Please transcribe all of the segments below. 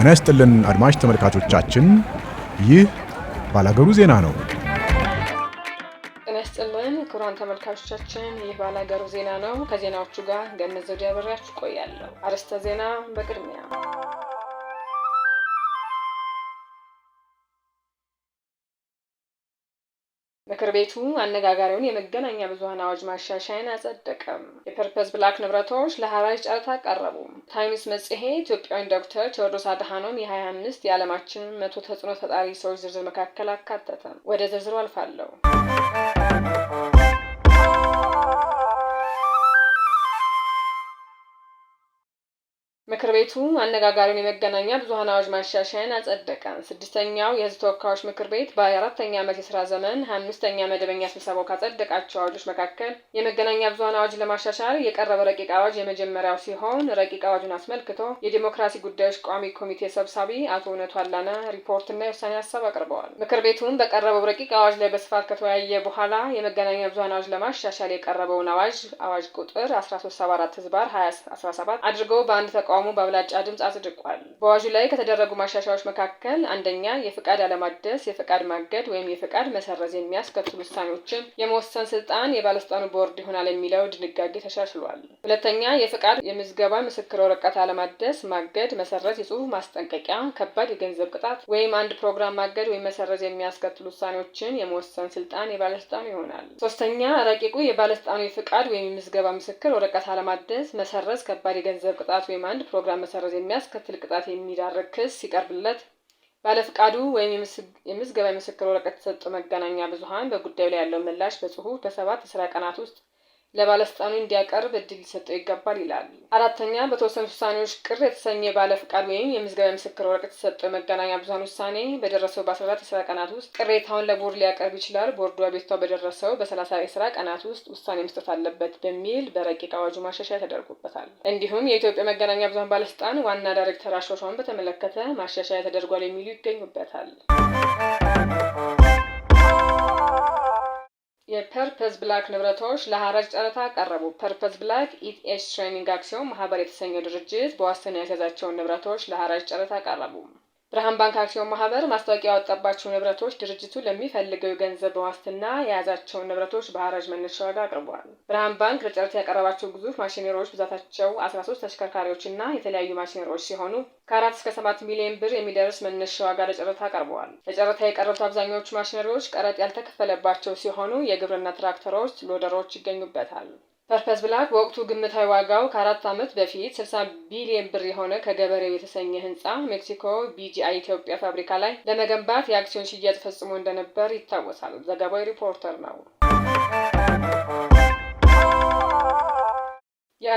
ጤና ይስጥልን አድማጭ ተመልካቾቻችን፣ ይህ ባላገሩ ዜና ነው። ጤና ይስጥልን ክቡራን ተመልካቾቻችን፣ ይህ ባላገሩ ዜና ነው። ከዜናዎቹ ጋር ገነት ዘውዲያ አብሬያችሁ ቆያለሁ። አርዕስተ ዜና በቅድሚያ ምክር ቤቱ አነጋጋሪውን የመገናኛ ብዙሀን አዋጅ ማሻሻያን አጸደቀም። የፐርፐዝ ብላክ ንብረቶች ለሀራጅ ጨረታ ቀረቡ። ታይምስ መጽሔ ኢትዮጵያዊን ዶክተር ቴዎድሮስ አድሃኖም የ25 የዓለማችን መቶ ተጽዕኖ ፈጣሪ ሰዎች ዝርዝር መካከል አካተተ። ወደ ዝርዝሩ አልፋለሁ። ምክር ቤቱ አነጋጋሪውን የመገናኛ ብዙኃን አዋጅ ማሻሻያን አጸደቀ። ስድስተኛው የህዝብ ተወካዮች ምክር ቤት በአራተኛ ዓመት የስራ ዘመን አምስተኛ መደበኛ ስብሰባው ካጸደቃቸው አዋጆች መካከል የመገናኛ ብዙኃን አዋጅ ለማሻሻል የቀረበ ረቂቅ አዋጅ የመጀመሪያው ሲሆን ረቂቅ አዋጁን አስመልክቶ የዲሞክራሲ ጉዳዮች ቋሚ ኮሚቴ ሰብሳቢ አቶ እውነቱ አላና ሪፖርትና የውሳኔ ሀሳብ አቅርበዋል። ምክር ቤቱም በቀረበው ረቂቅ አዋጅ ላይ በስፋት ከተወያየ በኋላ የመገናኛ ብዙኃን አዋጅ ለማሻሻል የቀረበውን አዋጅ አዋጅ ቁጥር አስራ ሶስት ሰባ አራት ህዝባር ሀያ አስራ ሰባት አድርገው በአንድ ተቃውሞ መቋቋሙ በአብላጫ ድምፅ አጽድቋል። በአዋጁ ላይ ከተደረጉ ማሻሻያዎች መካከል አንደኛ የፍቃድ አለማደስ፣ የፍቃድ ማገድ ወይም የፍቃድ መሰረዝ የሚያስከትሉ ውሳኔዎችን የመወሰን ስልጣን የባለስልጣኑ ቦርድ ይሆናል የሚለው ድንጋጌ ተሻሽሏል። ሁለተኛ የፍቃድ የምዝገባ ምስክር ወረቀት አለማደስ፣ ማገድ፣ መሰረዝ፣ የጽሁፍ ማስጠንቀቂያ፣ ከባድ የገንዘብ ቅጣት ወይም አንድ ፕሮግራም ማገድ ወይም መሰረዝ የሚያስከትሉ ውሳኔዎችን የመወሰን ስልጣን የባለስልጣኑ ይሆናል። ሶስተኛ ረቂቁ የባለስልጣኑ የፍቃድ ወይም የምዝገባ ምስክር ወረቀት አለማደስ፣ መሰረዝ፣ ከባድ የገንዘብ ቅጣት ወይም አንድ ፕሮግራም መሰረዝ የሚያስከትል ቅጣት የሚዳርግ ክስ ሲቀርብለት ባለፍቃዱ ወይም የምዝገባ የምስክር ወረቀት የተሰጡ መገናኛ ብዙኃን በጉዳዩ ላይ ያለው ምላሽ በጽሁፍ በሰባት የስራ ቀናት ውስጥ ለባለስልጣኑ እንዲያቀርብ እድል ሊሰጠው ይገባል ይላል። አራተኛ በተወሰኑ ውሳኔዎች ቅር የተሰኘ ባለ ፍቃድ ወይም የምዝገባ ምስክር ወረቀት የተሰጠው የመገናኛ ብዙሃን ውሳኔ በደረሰው በአስራ አራት የስራ ቀናት ውስጥ ቅሬታውን ለቦርድ ሊያቀርብ ይችላል። ቦርዱ ቤቷ በደረሰው በሰላሳ የስራ ቀናት ውስጥ ውሳኔ መስጠት አለበት በሚል በረቂቅ አዋጁ ማሻሻያ ተደርጎበታል። እንዲሁም የኢትዮጵያ መገናኛ ብዙሃን ባለስልጣን ዋና ዳይሬክተር አሿሿምን በተመለከተ ማሻሻያ ተደርጓል የሚሉ ይገኙበታል። ፐርፐዝ ብላክ ንብረቶች ለሐራጅ ጨረታ ቀረቡ። ፐርፐዝ ብላክ ኢትኤች ትሬኒንግ አክሲዮን ማህበር የተሰኘው ድርጅት በዋስትና የያዛቸውን ንብረቶች ለሐራጅ ጨረታ ቀረቡ። ብርሃን ባንክ አክሲዮን ማህበር ማስታወቂያ ያወጣባቸው ንብረቶች ድርጅቱ ለሚፈልገው የገንዘብ በዋስትና የያዛቸውን ንብረቶች በሐራጅ መነሻ ዋጋ አቅርበዋል። ብርሃን ባንክ ለጨረታ ያቀረባቸው ግዙፍ ማሽነሪዎች ብዛታቸው አስራ ሶስት ተሽከርካሪዎችና የተለያዩ ማሽነሪዎች ሲሆኑ ከአራት እስከ ሰባት ሚሊዮን ብር የሚደርስ መነሻ ዋጋ ለጨረታ አቅርበዋል። ለጨረታ የቀረቡት አብዛኛዎቹ ማሽነሪዎች ቀረጥ ያልተከፈለባቸው ሲሆኑ የግብርና ትራክተሮች፣ ሎደሮች ይገኙበታል። ፐርፐስ ብላክ በወቅቱ ግምታዊ ዋጋው ከአራት ዓመት በፊት ስልሳ ቢሊየን ብር የሆነ ከገበሬው የተሰኘ ህንፃ ሜክሲኮ ቢጂአይ ኢትዮጵያ ፋብሪካ ላይ ለመገንባት የአክሲዮን ሽያጭ ፈጽሞ እንደነበር ይታወሳል። ዘገባው ሪፖርተር ነው።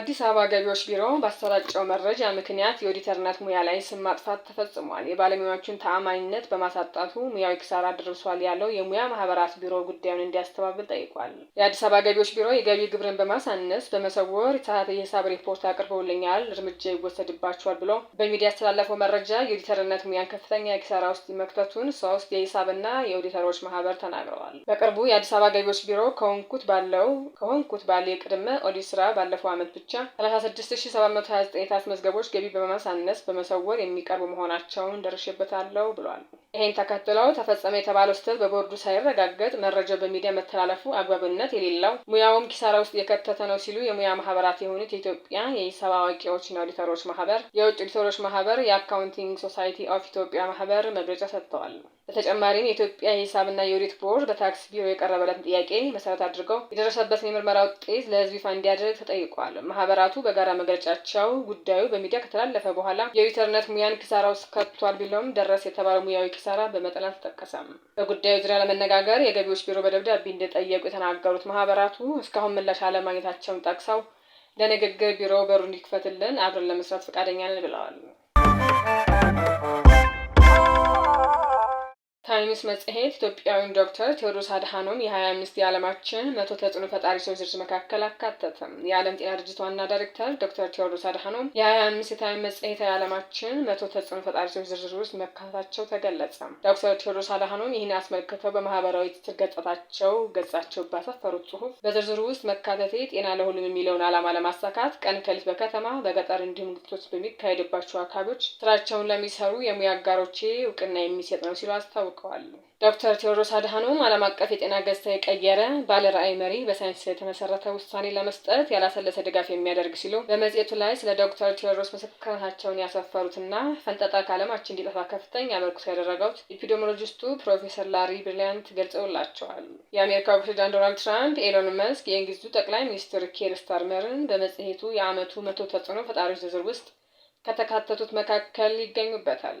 የአዲስ አበባ ገቢዎች ቢሮ ባሰራጨው መረጃ ምክንያት የኦዲተርነት ሙያ ላይ ስም ማጥፋት ተፈጽሟል፣ የባለሙያዎቹን ተአማኝነት በማሳጣቱ ሙያዊ ክሳራ ደርሷል ያለው የሙያ ማህበራት ቢሮ ጉዳዩን እንዲያስተባብል ጠይቋል። የአዲስ አበባ ገቢዎች ቢሮ የገቢ ግብርን በማሳነስ በመሰወር የተሳሳተ የሂሳብ ሪፖርት አቅርበውልኛል፣ እርምጃ ይወሰድባቸዋል ብሎ በሚዲያ ያስተላለፈው መረጃ የኦዲተርነት ሙያን ከፍተኛ የኪሳራ ውስጥ መክተቱን ሶስት የሂሳብና የኦዲተሮች ማህበር ተናግረዋል። በቅርቡ የአዲስ አበባ ገቢዎች ቢሮ ከሆንኩት ባለው ከሆንኩት ባለ የቅድመ ኦዲት ስራ ባለፈው ዓመት ብቻ ብቻ 36729 አስመዝገቦች ገቢ በማሳነስ በመሰወር የሚቀርቡ መሆናቸውን ደርሼበታለሁ ብሏል። ይህን ተከትለው ተፈጸመ የተባለው ስህተት በቦርዱ ሳይረጋገጥ መረጃው በሚዲያ መተላለፉ አግባብነት የሌለው ሙያውም ኪሳራ ውስጥ የከተተ ነው ሲሉ የሙያ ማህበራት የሆኑት የኢትዮጵያ የሂሳብ አዋቂዎችና ኦዲተሮች ማህበር፣ የውጭ ኦዲተሮች ማህበር፣ የአካውንቲንግ ሶሳይቲ ኦፍ ኢትዮጵያ ማህበር መግለጫ ሰጥተዋል። በተጨማሪም የኢትዮጵያ የሂሳብና የኦዲት ቦርድ በታክስ ቢሮ የቀረበለትን ጥያቄ መሰረት አድርገው የደረሰበትን የምርመራ ውጤት ለህዝብ ይፋ እንዲያደርግ ተጠይቋል። ማህበራቱ በጋራ መግለጫቸው ጉዳዩ በሚዲያ ከተላለፈ በኋላ የኦዲተርነት ሙያን ኪሳራ ውስጥ ከቷል ቢለውም ደረስ የተባለው ሙያዊ ኪሳራ በመጠን አልተጠቀሰም። በጉዳዩ ዙሪያ ለመነጋገር የገቢዎች ቢሮ በደብዳቤ እንደጠየቁ የተናገሩት ማህበራቱ እስካሁን ምላሽ አለማግኘታቸውን ጠቅሰው ለንግግር ቢሮ በሩ እንዲክፈትልን አብረን ለመስራት ፈቃደኛ ነን ብለዋል። ታይምስ መጽሔት ኢትዮጵያዊን ዶክተር ቴዎድሮስ አድሃኖም የ25 የዓለማችን መቶ ተጽዕኖ ፈጣሪ ሰዎች ዝርዝር መካከል አካተተም። የዓለም ጤና ድርጅት ዋና ዳይሬክተር ዶክተር ቴዎድሮስ አድሃኖም የ25 የታይም መጽሔት የዓለማችን መቶ ተጽዕኖ ፈጣሪ ሰዎች ዝርዝር ውስጥ መካተታቸው ተገለጸ። ዶክተር ቴዎድሮስ አድሃኖም ይህን አስመልክተው በማህበራዊ ትስስር ገጻታቸው ገጻቸው ባሰፈሩት ጽሁፍ በዝርዝሩ ውስጥ መካተቴ ጤና ለሁሉም የሚለውን ዓላማ ለማሳካት ቀን ከሌት በከተማ በገጠር እንዲሁም ግጭቶች በሚካሄድባቸው አካባቢዎች ስራቸውን ለሚሰሩ የሙያ አጋሮቼ እውቅና የሚሰጥ ነው ሲሉ አስታውቀ አድርገዋል። ዶክተር ቴዎድሮስ አድሃኖም ዓለም አቀፍ የጤና ገጽታ የቀየረ ባለራዕይ መሪ በሳይንስ የተመሰረተ ውሳኔ ለመስጠት ያላሰለሰ ድጋፍ የሚያደርግ ሲሉ በመጽሔቱ ላይ ስለ ዶክተር ቴዎድሮስ ምስክርነታቸውን ያሰፈሩትና ፈንጠጣ ከዓለማችን እንዲጠፋ ከፍተኛ አበርክቶ ያደረገውት ኢፒዲሞሎጂስቱ ፕሮፌሰር ላሪ ብሪሊያንት ገልጸውላቸዋል። የአሜሪካው ፕሬዚዳንት ዶናልድ ትራምፕ፣ ኤሎን መስክ፣ የእንግሊዙ ጠቅላይ ሚኒስትር ኬር ስታርመርን በመጽሔቱ የዓመቱ መቶ ተጽዕኖ ፈጣሪዎች ዝርዝር ውስጥ ከተካተቱት መካከል ይገኙበታል።